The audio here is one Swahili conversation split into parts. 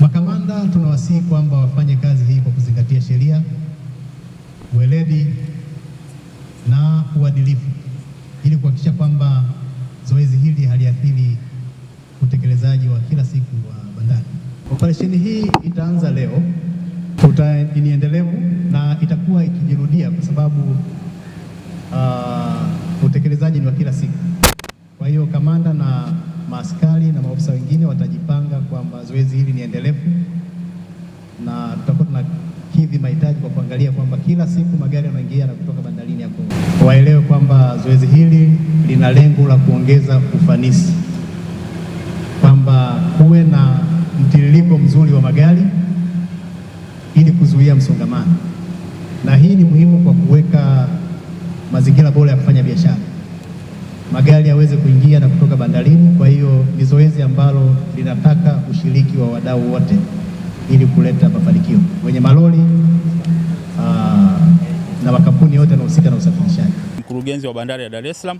Makamanda tunawasihi kwamba wafanye kazi hii kwa kuzingatia sheria, weledi na uadilifu ili kuhakikisha kwamba zoezi hili haliathiri utekelezaji wa kila siku wa bandari. Operesheni hii itaanza leo, ni endelevu na itakuwa ikijirudia kwa sababu uh, utekelezaji ni wa kila siku. Kwa hiyo kamanda na maaskari na maofisa wengine watajipanga kwamba zoezi hili ni endelevu na tutakuwa tunakidhi mahitaji kwa kuangalia kwamba kila siku magari yanaingia na kutoka bandarini ya Kongo. Waelewe kwamba zoezi hili lina lengo la kuongeza ufanisi, kwamba kuwe na mtiririko mzuri wa magari ili kuzuia msongamano, na hii ni muhimu kwa kuweka mazingira bora ya kufanya biashara, magari yaweze kuingia na kutoka bandarini ni zoezi ambalo linataka ushiriki wa wadau wote ili kuleta mafanikio, wenye malori ah, na makampuni yote yanahusika na usafirishaji. Mkurugenzi wa bandari ya Dar es Salaam,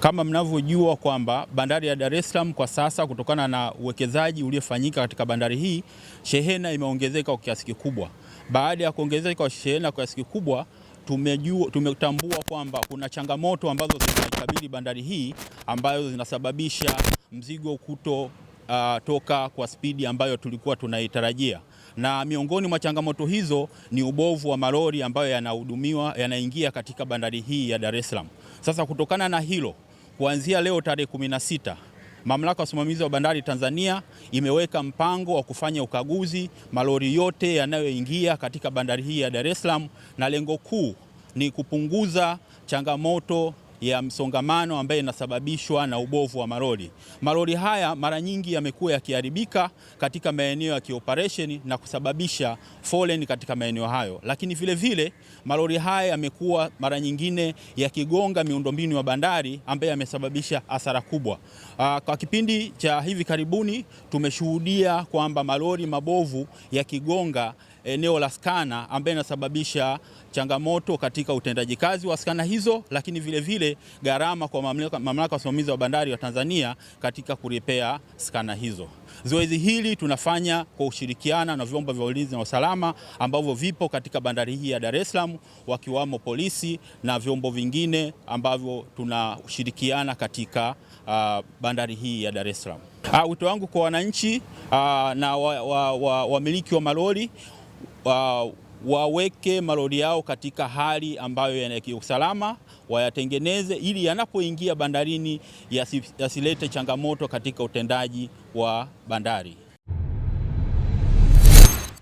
kama mnavyojua kwamba bandari ya Dar es Salaam kwa sasa, kutokana na uwekezaji uliofanyika katika bandari hii, shehena imeongezeka kwa kiasi kikubwa. Baada ya kuongezeka kwa shehena kwa kiasi kikubwa tumejua tumetambua kwamba kuna changamoto ambazo zinaikabili bandari hii ambazo zinasababisha mzigo kuto Uh, toka kwa spidi ambayo tulikuwa tunaitarajia, na miongoni mwa changamoto hizo ni ubovu wa malori ambayo yanahudumiwa yanaingia katika bandari hii ya Dar es Salaam. Sasa kutokana na hilo, kuanzia leo tarehe 16 Mamlaka ya Usimamizi wa Bandari Tanzania imeweka mpango wa kufanya ukaguzi malori yote yanayoingia katika bandari hii ya Dar es Salaam, na lengo kuu ni kupunguza changamoto ya msongamano ambayo inasababishwa na ubovu wa maroli. Maroli haya mara nyingi yamekuwa yakiharibika katika maeneo ya kioperesheni na kusababisha foleni katika maeneo hayo, lakini vilevile maroli haya yamekuwa mara nyingine yakigonga miundombinu ya bandari ambayo yamesababisha hasara kubwa. Aa, ah, kwa kipindi cha hivi karibuni tumeshuhudia kwamba malori mabovu yakigonga eneo la skana ambayo inasababisha changamoto katika utendaji kazi wa skana hizo, lakini vilevile gharama kwa mamlaka ya usimamizi wa bandari wa Tanzania katika kuripea skana hizo. Zoezi hili tunafanya kwa ushirikiana na vyombo vya ulinzi na usalama ambavyo vipo katika bandari hii ya Dar es Salaam, wakiwamo polisi na vyombo vingine ambavyo tunashirikiana katika uh, bandari hii ya Dar es Salaam. Uh, wito wangu kwa wananchi uh, na wamiliki wa, wa, wa, wa malori wa, waweke malori yao katika hali ambayo yana kiusalama, wayatengeneze ili yanapoingia bandarini yasilete changamoto katika utendaji wa bandari.